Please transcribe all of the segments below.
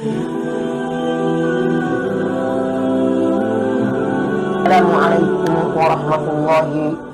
السلام عليكم ورحمة الله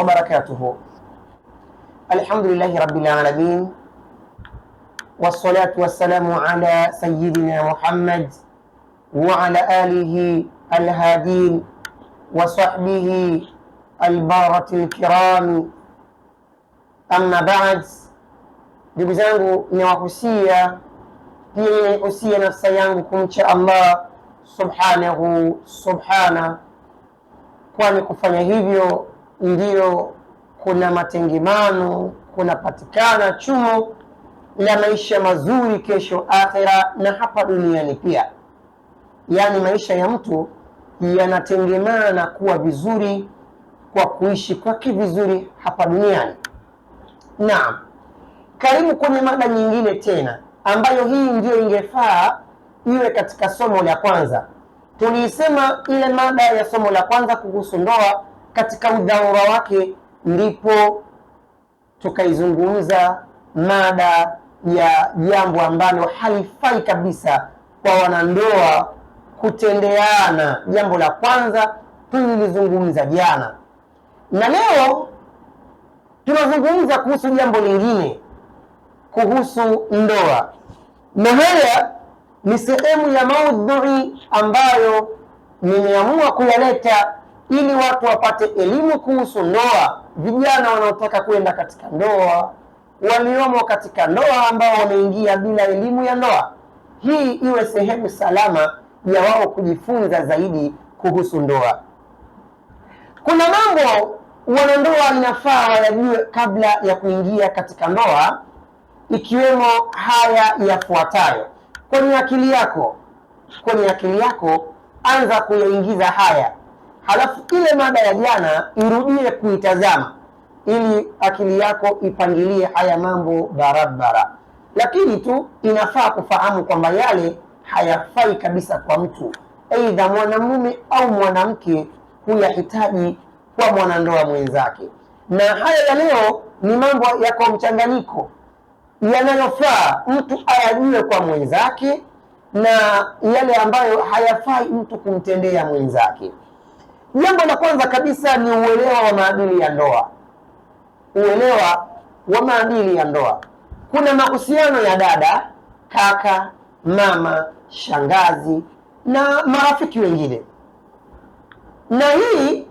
وبركاته الحمد لله رب العالمين والصلاة والسلام على سيدنا محمد وعلى آله الهادين وصحبه البارة الكرام أما بعد ndugu zangu ninawahusia pia usiye nafsa yangu kumcha Allah subhanahu subhana, kwani kufanya hivyo ndiyo kuna matengemano kunapatikana chumo la maisha mazuri kesho akhera, na hapa duniani pia. Yaani maisha ya mtu yanatengemana kuwa vizuri kwa kuishi kwake vizuri hapa duniani. Naam, karibu kwenye mada nyingine tena ambayo hii ndiyo ingefaa iwe katika somo la kwanza. Tuliisema ile mada ya somo la kwanza kuhusu ndoa katika udhaura wake, ndipo tukaizungumza mada ya jambo ambalo halifai kabisa kwa wanandoa kutendeana. Jambo la kwanza tulilizungumza jana, na leo tunazungumza kuhusu jambo lingine kuhusu ndoa, na haya ni sehemu ya maudhui ambayo nimeamua kuyaleta ili watu wapate elimu kuhusu ndoa, vijana wanaotaka kwenda katika ndoa, waliomo katika ndoa ambao wameingia bila elimu ya ndoa, hii iwe sehemu salama ya wao kujifunza zaidi kuhusu ndoa. Kuna mambo wanandoa inafaa wayajue kabla ya kuingia katika ndoa ikiwemo haya yafuatayo kwenye akili yako. Kwenye akili yako anza kuyaingiza haya, halafu ile mada ya jana irudie kuitazama, ili akili yako ipangilie haya mambo barabara. Lakini tu inafaa kufahamu kwamba yale hayafai kabisa kwa mtu, aidha mwanamume au mwanamke, kuyahitaji kwa mwanandoa mwenzake. Na haya ya leo ni mambo yako mchanganyiko yanayofaa mtu ayajue kwa mwenzake na yale ambayo hayafai mtu kumtendea mwenzake. Jambo la kwanza kabisa ni uelewa wa maadili ya ndoa. Uelewa wa maadili ya ndoa, kuna mahusiano ya dada, kaka, mama, shangazi na marafiki wengine, na hii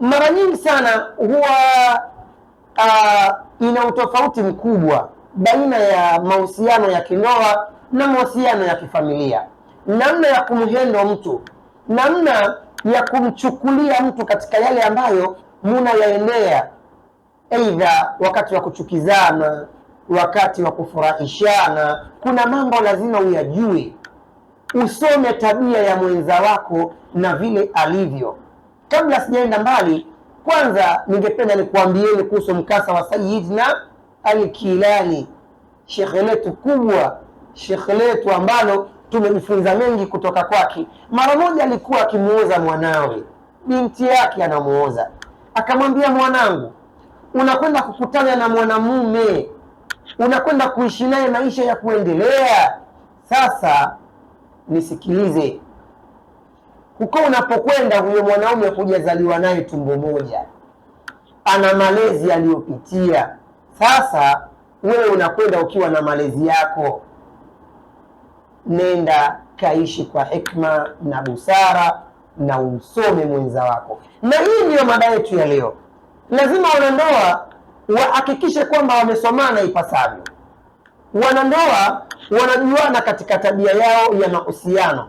mara nyingi sana huwa uh, ina utofauti mkubwa baina ya mahusiano ya kindoa na mahusiano ya kifamilia, namna ya kumhendo mtu, namna ya kumchukulia mtu katika yale ambayo munayaendea aidha wakati wa kuchukizana, wakati wa kufurahishana. Kuna mambo lazima uyajue, usome tabia ya mwenza wako na vile alivyo. Kabla sijaenda mbali, kwanza ningependa nikuambieni kuhusu mkasa wa Sayyidina Alkilani, shekhe letu kubwa, shekhe letu ambalo tumejifunza mengi kutoka kwake. Mara moja alikuwa akimuoza mwanawe, binti yake anamuoza, akamwambia mwanangu, unakwenda kukutana na mwanamume, unakwenda kuishi naye maisha ya kuendelea. Sasa nisikilize, huko unapokwenda, huyo mwanaume hujazaliwa naye tumbo moja, ana malezi aliyopitia sasa wewe unakwenda ukiwa na malezi yako, nenda kaishi kwa hekima na busara na umsome mwenza wako. Na hii ndiyo mada yetu ya leo. Lazima wanandoa wahakikishe kwamba wamesomana ipasavyo. Wanandoa wanajuana katika tabia yao ya mahusiano,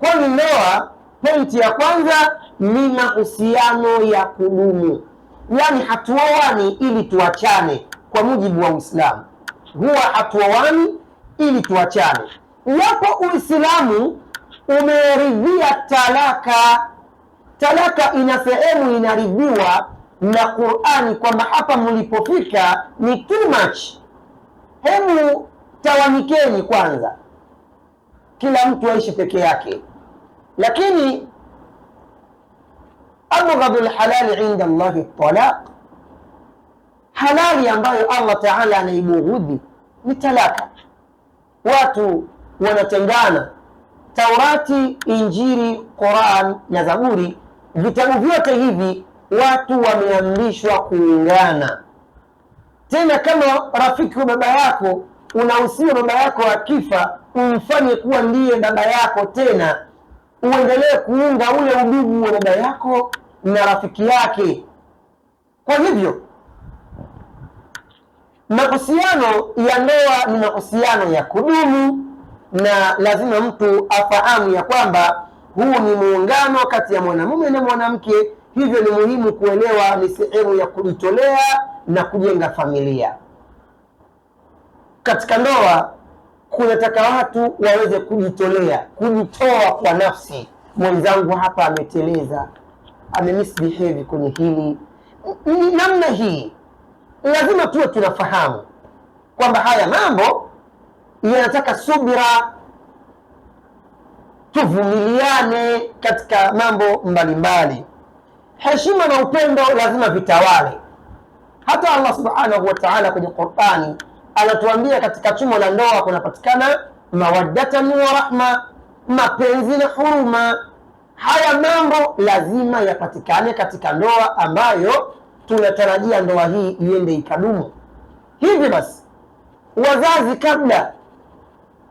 kwani ndoa, pointi ya kwanza ni mahusiano ya kudumu, yaani hatuoani ili tuachane kwa mujibu wa Uislamu huwa hatuoani ili tuachane. Iwapo Uislamu umeridhia talaka, talaka ina sehemu inaridhiwa na Qur'ani kwamba hapa mlipofika ni too much, hebu tawanikeni kwanza, kila mtu aishi peke yake. Lakini abghadul halali inda Allahi talaq halali ambayo Allah Taala anaibughudhi ni talaka. Watu wanatengana. Taurati, Injili, Qur'an na Zaburi, vitabu vyote hivi watu wameamrishwa kuungana. Tena kama rafiki wa baba yako unahusiwa, baba yako akifa, umfanye kuwa ndiye baba yako tena, uendelee kuunga ule udugu wa baba yako na rafiki yake. Kwa hivyo Mahusiano ya ndoa ni mahusiano ya kudumu, na lazima mtu afahamu ya kwamba huu ni muungano kati ya mwanamume na mwanamke. Hivyo ni muhimu kuelewa ni sehemu ya kujitolea na kujenga familia. Katika ndoa kunataka watu waweze kujitolea, kujitoa kwa nafsi. Mwenzangu hapa ameteleza, amemisbehave kwenye hili, ni namna hii lazima tuwe tunafahamu kwamba haya mambo yanataka subira, tuvumiliane katika mambo mbalimbali. Heshima na upendo lazima vitawale. Hata Allah subhanahu wa ta'ala kwenye Qur'ani anatuambia katika chumo la ndoa kunapatikana mawaddatan wa rahma, mapenzi na huruma. Haya mambo lazima yapatikane katika ndoa ambayo tunatarajia ndoa hii iende ikadumu. Hivi basi, wazazi kabla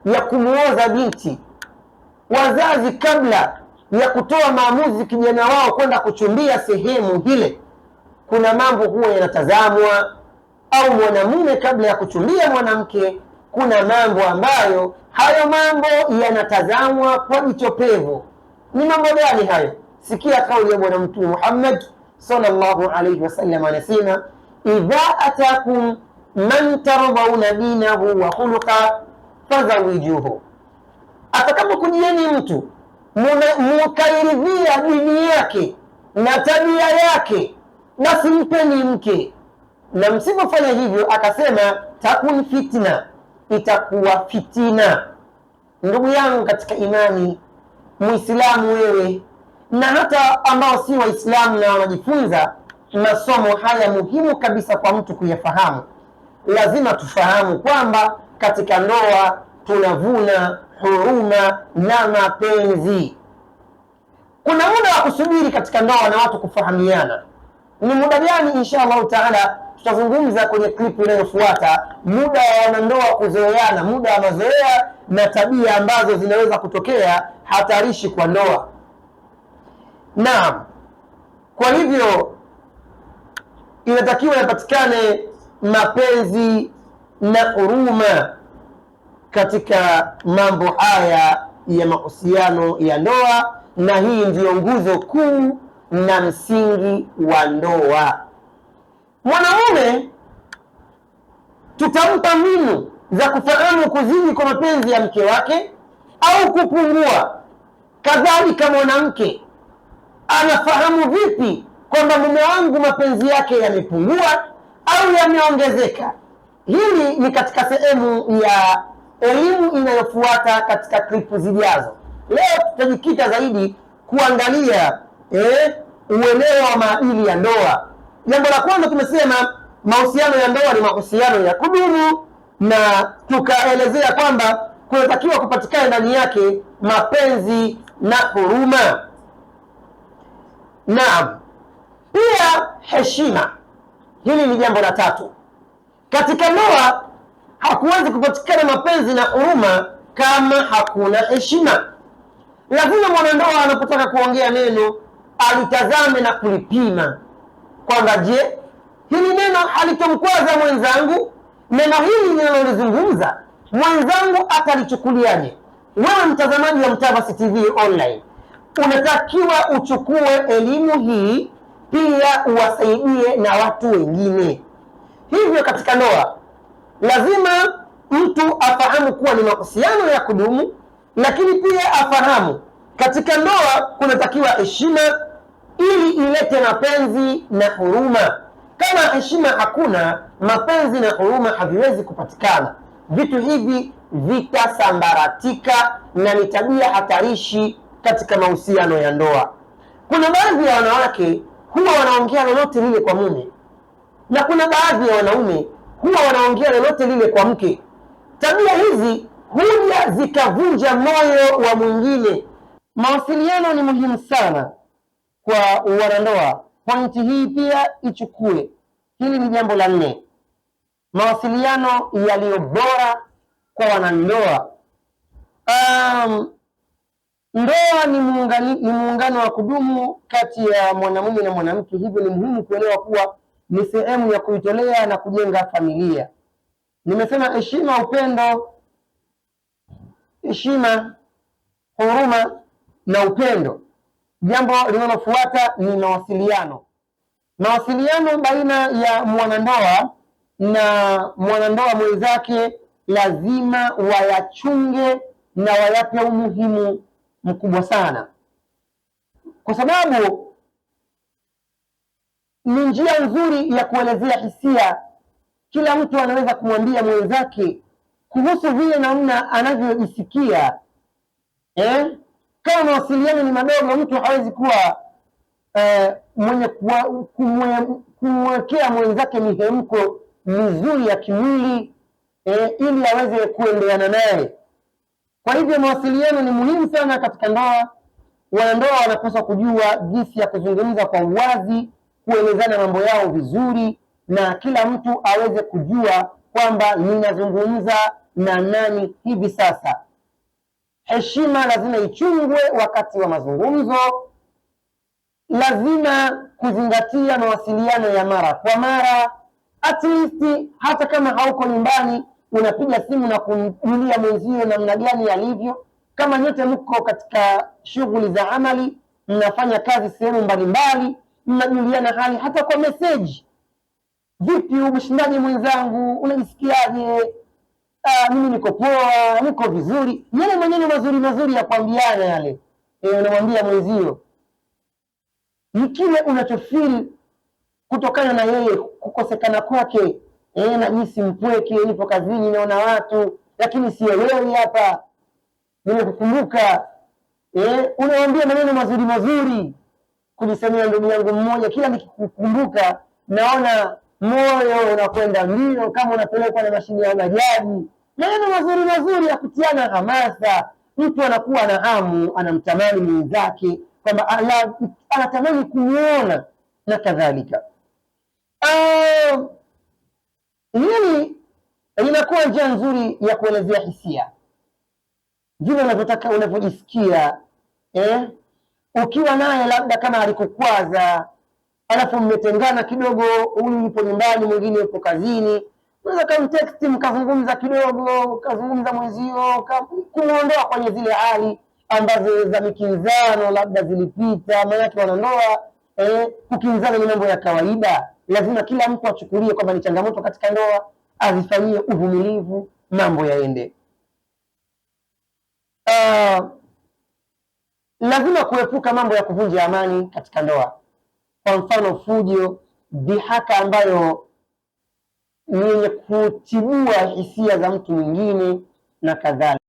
ya kumuoza binti, wazazi kabla ya kutoa maamuzi kijana wao kwenda kuchumbia sehemu ile, kuna mambo huwa yanatazamwa, au mwanamume kabla ya kuchumbia mwanamke, kuna mambo ambayo hayo mambo yanatazamwa kwa jicho pevu. Ni mambo gani hayo? Sikia kauli ya Bwana Mtume Muhammad sallallahu alayhi wasallam anasema, idha atakum man tardhauna dinahu wa khuluqa fazawijuhu, atakapokujieni mtu mukairidhia dini yake na tabia yake, basi mpeni mke, na msipofanya hivyo, akasema takun fitna, itakuwa fitina. Ndugu yangu katika imani, Muislamu wewe na hata ambao si Waislamu na wanajifunza masomo haya muhimu kabisa kwa mtu kuyafahamu. Lazima tufahamu kwamba katika ndoa tunavuna huruma na mapenzi. Kuna muda wa kusubiri katika ndoa na watu kufahamiana. Ni muda gani? Insha Allahu taala tutazungumza kwenye klipu inayofuata, muda wa wanandoa kuzoeana, muda wa mazoea na tabia ambazo zinaweza kutokea hatarishi kwa ndoa. Naam. Kwa hivyo inatakiwa yapatikane mapenzi na huruma katika mambo haya ya mahusiano ya ndoa, na hii ndiyo nguzo kuu na msingi wa ndoa. Mwanamume tutampa mbinu za kufahamu kuzidi kwa mapenzi ya mke wake au kupungua, kadhalika mwanamke anafahamu vipi kwamba mume wangu mapenzi yake yamepungua au yameongezeka? Hili ni katika sehemu ya elimu inayofuata katika klipu zijazo. Leo tutajikita zaidi kuangalia eh, uelewa wa maadili ya ndoa. Jambo la kwanza tumesema mahusiano ya ndoa ni mahusiano ya kudumu, na tukaelezea kwamba kunatakiwa kupatikana ndani yake mapenzi na huruma. Naam, pia heshima. Hili ni jambo la tatu katika ndoa. Hakuwezi kupatikana mapenzi na huruma kama hakuna heshima. Lazima mwanandoa anapotaka kuongea neno alitazame na kulipima kwamba, je, hili neno halitomkwaza mwenzangu? Neno hili ninalolizungumza mwenzangu atalichukuliaje? Wewe mtazamaji wa Mtavassy TV online unatakiwa uchukue elimu hii pia uwasaidie na watu wengine. Hivyo katika ndoa lazima mtu afahamu kuwa ni mahusiano ya kudumu, lakini pia afahamu katika ndoa kunatakiwa heshima ili ilete mapenzi na huruma. Kama heshima hakuna, mapenzi na huruma haviwezi kupatikana. Vitu hivi vitasambaratika na ni tabia hatarishi katika mahusiano ya ndoa. Kuna baadhi ya wanawake huwa wanaongea lolote lile kwa mume na kuna baadhi ya wanaume huwa wanaongea lolote lile kwa mke. Tabia hizi huja zikavunja moyo wa mwingine. Mawasiliano ni muhimu sana kwa wanandoa. Pointi hii pia ichukue, hili ni jambo la nne. Mawasiliano yaliyo bora kwa wanandoa. Um, Ndoa ni muungano wa kudumu kati ya mwanamume na mwanamke, hivyo ni muhimu kuelewa kuwa ni sehemu ya kuitolea na kujenga familia. Nimesema heshima, upendo, heshima, huruma na upendo. Jambo linalofuata ni mawasiliano. Mawasiliano baina ya mwanandoa na mwanandoa mwenzake lazima wayachunge na wayape umuhimu mkubwa sana, kwa sababu ni njia nzuri ya kuelezea hisia. Kila mtu anaweza kumwambia mwenzake kuhusu vile namna anavyojisikia eh? Kama mawasiliano ni madogo, mtu hawezi kuwa eh, mwenye kumwekea mwenzake mihemko mizuri ya kimwili eh, ili aweze kuendeana naye. Kwa hivyo mawasiliano ni muhimu sana katika ndoa. Wanandoa wanapaswa kujua jinsi ya kuzungumza kwa uwazi, kuelezana mambo yao vizuri, na kila mtu aweze kujua kwamba ninazungumza na nani hivi sasa. Heshima lazima ichungwe wakati wa mazungumzo. Lazima kuzingatia mawasiliano ya mara kwa mara, at least hata kama hauko nyumbani unapiga simu na kumjulia mwenzio namna gani alivyo. Kama nyote mko katika shughuli za amali, mnafanya kazi sehemu mbalimbali, mnajuliana hali hata kwa meseji. Vipi mshindaji mwenzangu, unajisikiaje? Ah, mimi niko poa, niko vizuri. Yale maneno mazuri mazuri ya kuambiana yale, e, unamwambia mwenzio ni kile unachofeel kutokana na yeye kukosekana kwake eh, yaani najisi mpweke, nipo kazini, naona watu lakini sielewi hapa, nimekukumbuka. Eh, unawaambia maneno mazuri mazuri kujisemea. Ndugu yangu mmoja, kila nikikukumbuka naona moyo unakwenda mbio kama unapelekwa na mashine ya bajaji. Maneno mazuri mazuri ya kutiana hamasa, mtu anakuwa na hamu, anamtamani mwenzake kwamba anatamani kumuona na kadhalika. Ah, Sio njia nzuri ya kuelezea hisia vile unavyotaka unavyojisikia, eh? Ukiwa naye labda kama alikukwaza, alafu mmetengana kidogo, huyu yupo nyumbani, mwingine yupo kazini, unaweza kamteksti mkazungumza kidogo, kazungumza mwenzio, kumwondoa kwenye zile hali ambazo za mikinzano labda zilipita. Maanake wanandoa eh, kukinzana ni mambo ya kawaida, lazima kila mtu achukulie kwamba ni changamoto katika ndoa azifanyie uvumilivu, mambo yaende. Uh, lazima kuepuka mambo ya kuvunja amani katika ndoa, kwa mfano fujo, dhihaka ambayo ni yenye kutibua hisia za mtu mwingine na kadhalika.